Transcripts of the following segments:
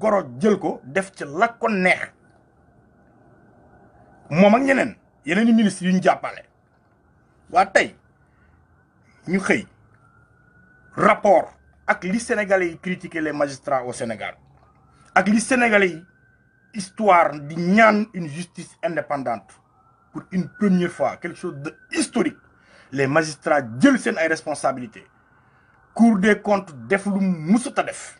goro jël ko def ci la ko neex mom ak ñeneen yeneen ministre yu ñu jappalé wa tay ñu rapport ak li sénégalais yi critiquer les magistrats au Sénégal ak li sénégalais yi histoire di ñaan une justice indépendante pour une première fois quelque chose d'historique, les magistrats jël seen ay responsabilités Cour des comptes def lu musuta def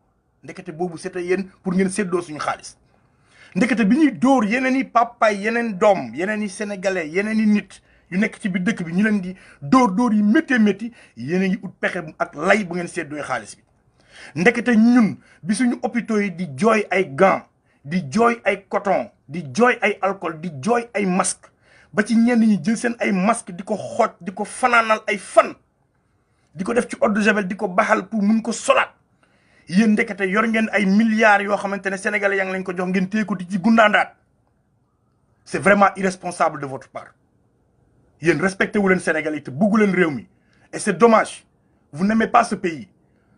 ndekete boobu c'est à yéen pour ngeen séddoo suñu xaalis ndekete bi ñuy dóor yeneen i papa yeneen doom yeneen i sénégalais yeneen i nit yu nekk ci biir dëkk bi ñu leen di dóor dóor yi méttee métti yeneen a ut pexe ak lay bu ngeen séddoo xaalis bi ndekete ñun bi suñu hôpitaux yi di jooy ay gants di jooy ay coton di jooy ay alcool di jooy ay masque ba ci ñenn ñi jël seen ay masque di ko xooj di ko fanaanal ay fan di ko def ci eau de javel di ko baxal pour mun ko solaat milliards sénégalais c'est vraiment irresponsable de votre part Vous respectez wulen sénégalais te et c'est dommage vous n'aimez pas ce pays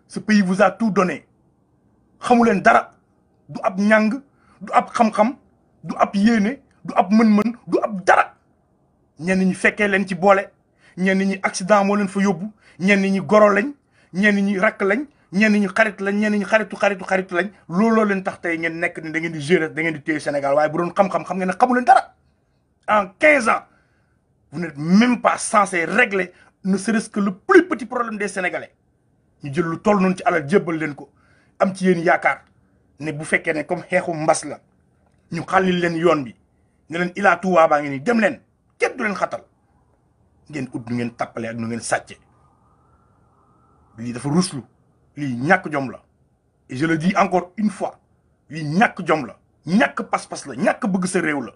ce pays vous a tout donné xamu dara du ab ñang du ab xam-xam du ab yene du ab mën-mën du ab dara accident fa ñi ñenn ñu xarit lañ ñenn ñu xaritu xaritu xaritu lañ looloo leen tax tey ngeen nekk ni da ngeen di gérer da ngeen di téye Sénégal waaye bu doon xam-xam xam ngeen ne xamu leen dara en quinze ans vous ne même pas censé régler ne serait-ce que le plus petit problème de Sénégalais ñu jël lu toll noonu ci alal jébbal leen ko am ci yéen yaakaar ne bu fekkee ne comme xeexu mbas la ñu xàllil leen yoon bi ne leen ilaa Touba baa ngi nii dem leen kenn du leen xatal ngeen ut nu ngeen tàppale ak nu ngeen sàcce lii dafa ruslu li ñak jom la et je le dis encore une fois li ñak jom la ñak pas-pas la ñak bëgg sa réew la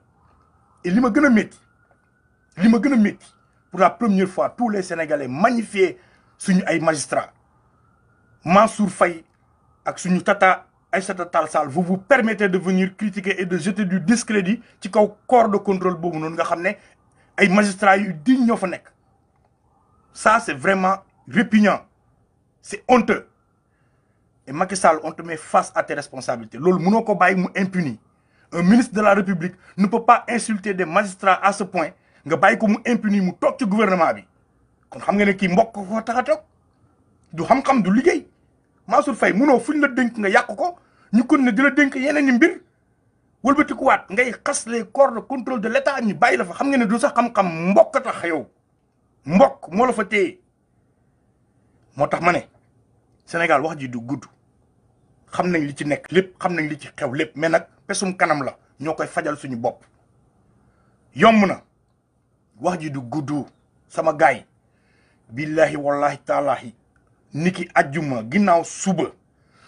et li ma gën a métti li ma gën a pour la première fois tous les sénégalais magnifier suñu ay magistrats Mansour Faye ak suñu tata Aïssata Tall Talsal, vous vous permettez de venir critiquer et de jeter du discrédit ci kaw corps de contrôle boobu non, nga xamné ay magistrats yu digne ñoo nek ça c'est vraiment répugnant c'est honteux et Macky Sall on te met face à tes responsabilités L'ol mënoo ko mu impuni un ministre de la République ne peut pas insulter des magistrats à ce point nga bàyyi ko mu impuni mu tok ci gouvernement bi kon xam nga ne mbokk ko tax du xam-xam du liggéey Mansour Fay, Mouno fuñ la dénk nga yàq ko ñu kon ne di la dénk yeneen i mbir ngay xas les corps de contrôle de l'État ni bàyyi la fa xam nga ne du sax xam-xam mbokk tax yow mbokk moo la fa téye moo Sénégal wax ji du goudou. xam nañ li ci nek lepp xam nañ li ci xew lepp mais nak pesum kanam la ñokoy fajal suñu bop yomb na wax ji du gudd sama gay billahi wallahi ta'ala niki aljuma ginau suba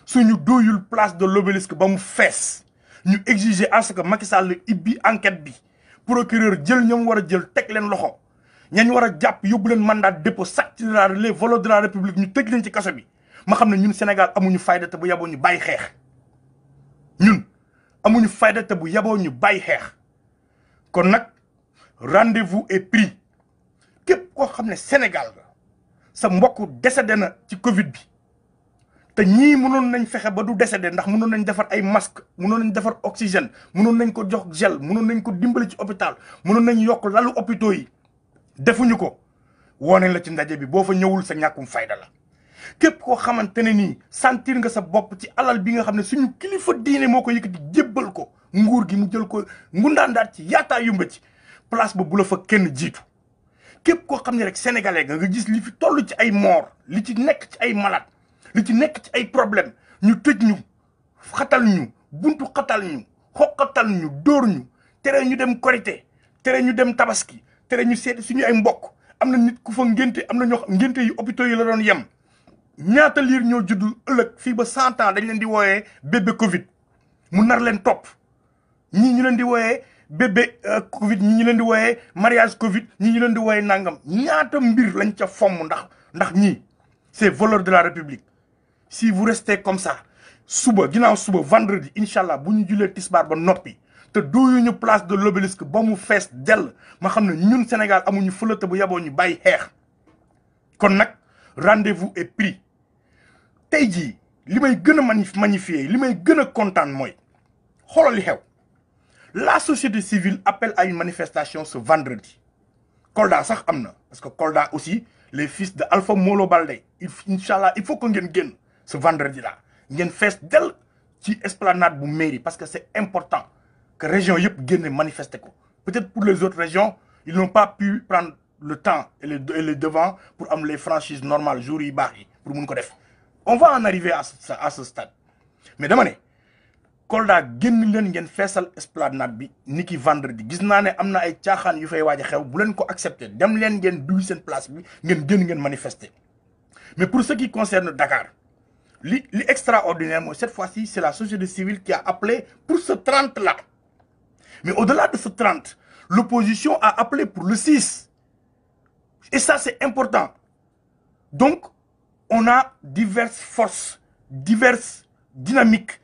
suñu doyul place de l'obélisque ba mu fees ñu exiger à que Macky Sall ibbi enquête bi procureur jël ñam wara jël tek len loxo ñañ wara japp yobulen mandat dépôt sac de la relève volo de la république ñu tek len ci kasso bi ma xam ne ñun Sénégal amuñu fayda te bu yaboo ñu bàyyi xeex ñun amuñu fayda te bu yaboo ñu bàyyi xeex kon nag rendez-vous est pris képp koo xam ne Sénégal sa mbokku décédé na ci Covid bi te ñii mënoon nañ fexe ba du décédé ndax mënoon nañ defar ay masque mënoon nañ defar oxygène mënoon nañ ko jox gel mënoon nañ ko dimbali ci hôpital mënoon nañ yokk lalu hôpitaux yi defuñu ko woo nañ la ci ndaje bi boo fa ñëwul sa ñàkkum fayda la képp koo xamante ne nii sentir nga sa bopp ci alal bi nga xam ne suñu kilifa diine moo ko yëkkati jébbal ko nguur gi mu jël ko ngundaandaat ci yaataa yumba ci place ba bu la fa kenn jiitu képp koo xam ne rek sénégalais nga nga gis li fi toll ci ay moor li ci nekk ci ay malade li ci nekk ci ay problème ñu tëj ñu xatal ñu buntu xatal ñu xoqatal ñu dóor ñu tere ñu dem korité tere ñu dem tabaski tere ñu seet suñu ay mbokk am na nit ku fa ngénte am na ñu xam yu hôpitaux yi la doon yem ñaata liir ñoo judd ëllëg fii ba 100 ans dañ leen di wooyee bébé Covid mu nar leen topp ñii ñu leen di wooyee bébé euh, Covid ñi ñu leen di wooyee mariage Covid ñi ñu leen di wooyee nangam ñaata mbir lañ ca fomm ndax ndax ñii c'est voleur de la République si vous restez comme ça suba ginnaaw suba vendredi inshallah allah bu ñu julee tisbaar ba noppi te dooyuñu place de l'obélisque ba mu fees dell ma xam ne ñun Sénégal amuñu fëlëte bu yaboo ñu bàyyi xeex kon nag rendez-vous est pris tey jii li may manif magnifier la société civile appelle à une manifestation ce vendredi Kolda sax amna parce que Kolda aussi les fils de Alpha Molo balde il il faut que ngeen gën ce vendredi là ngeen fees del ci esplanade bu mairie parce que c'est important que région régions génne manifester ko peut-être pour les autres régions ils n'ont pas pu prendre le temps et les devants pour amener les franchises normales jour pour mon ko on va en arriver à ce à ce stade mais dama Kolda génn leen ngeen esplanade bi ni vendredi gis naa ne am ay caaxaan yu fay a xew accepté dem place bi ngeen manifester mais pour ce qui concerne Dakar li li cette fois-ci c'est la société civile qui a appelé pour ce 30 là mais au-delà de ce 30 l'opposition a appelé pour le 6 et ça c'est important donc on a diverses forces diverses dynamiques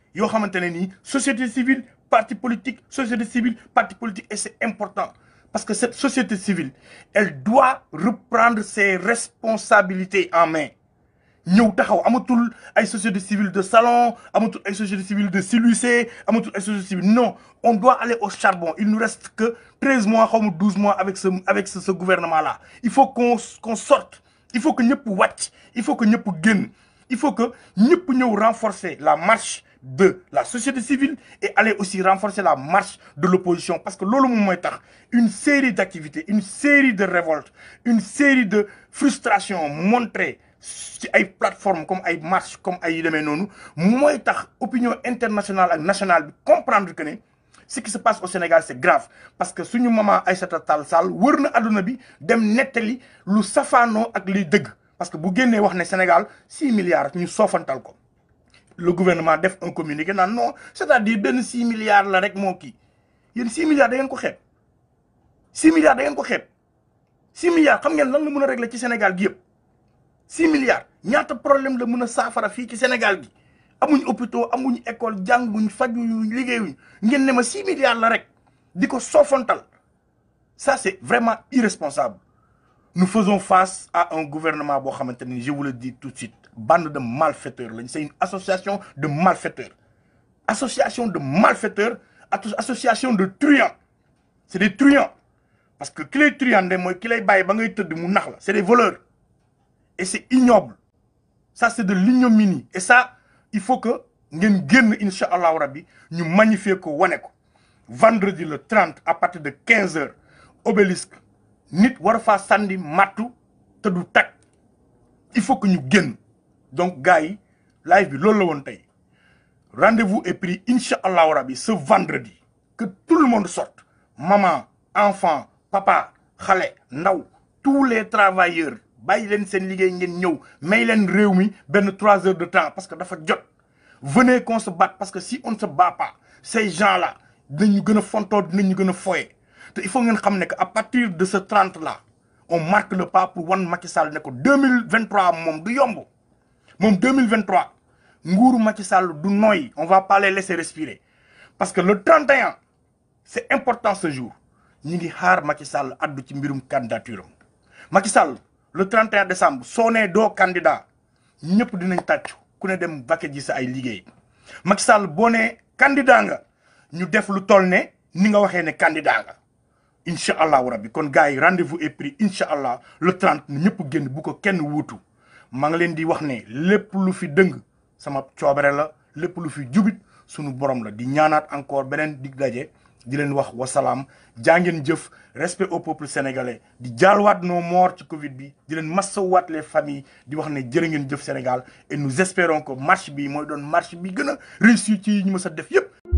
société civile parti politique société civile parti politique et c'est important parce que cette société civile elle doit reprendre ses responsabilités en main Nous taxaw société civile de salon civile de silucé non on doit aller au charbon il nous reste que 13 mois 12 mois avec ce avec gouvernement là il faut qu'on sorte il faut que nous wàcc il faut que il faut que nous puissions renforcer la marche de la société civile et aller aussi renforcer la marche de l'opposition parce que que moom mooy tax une série d'activités une série de révoltes une série de frustrations montrées sur une plateformes comme les marches comme les yu demee opinion internationale et nationale comprendre que ce qui se passe au Sénégal c'est grave parce que si nous Aïssata en Sall nous na adduna bi dem parce que si nous wax le Sénégal 6 milliards ñu en le gouvernement fait un communiqué non c'est-à-dire 6 milliards la rek Il y a 6 milliards da ngeen 6 milliards da ngeen 6 milliards xam ngeen lan la mën régler au Sénégal gi 6 milliards y problème la mën a saafara fii au Sénégal amuñ hôpitaux amuñ école jànguñ fajuñ liggéeyuñ ngeen ne 6 milliards la rek diko sofontal ça c'est vraiment irresponsable nous faisons face à un gouvernement bo je vous le dis tout de suite bande de malfaiteurs c'est une association de malfaiteurs association de malfaiteurs association de truands c'est des truands parce que qui truands, truandé ki lay bay ba ngay teud mu la c'est des voleurs et c'est ignoble ça c'est de l'ignominie et ça il faut que nous génn incha ñu magnifier vendredi le 30 à partir de 15 h obélisque nit war samedi sànni te du il faut que nous génn donc gars live bi loolu la rendez-vous est pris incha ce vendredi que tout le monde sorte maman enfant papa xalé ndaw tous les travailleurs bàyyi leen seen liggéey ngeen ñew may len réew mi ben trois heures de temps parce que dafa jot venez qu'on se batte parce que si on ne se bat pas ces gens là ils vont fonto dañu gëna foyé te il faut ngeen xam que à partir de ce 30 là on marque le pas pour wan Macky Sall ne ko 2023 mom du yomb mom 2023 nguuru Macky Sall du noy on va pas les laisser respirer parce que le 31 c'est important ce jour ñi ngi xaar Macky Sall addu ci mbirum candidature Macky Sall le 31 décembre soné do candidat ñëpp dinañ tàcc ku ne dem bakke ji sa ay liggéey Macky Sall boné candidat nga ñu def lu toll ni nga waxé né candidat nga inshallah rabbi kon gaay rendez-vous est pris inshallah allah le 30 ñëpp genn bu ko kenn wuutu ma ngi leen di wax né lepp lu fi dëng sama coobare la lepp lu fi jubit sunu borom la di ñaanat encore benen dig dajé di len wax salam jàngeen jeuf respect au peuple sénégalais di jaalwaat no mort ci Covid bi di leen wat les familles di wax ne jërë ngeen Sénégal et nous espérons que marche bi moy doon marche bi gëna réussi ci ñu mësa def yépp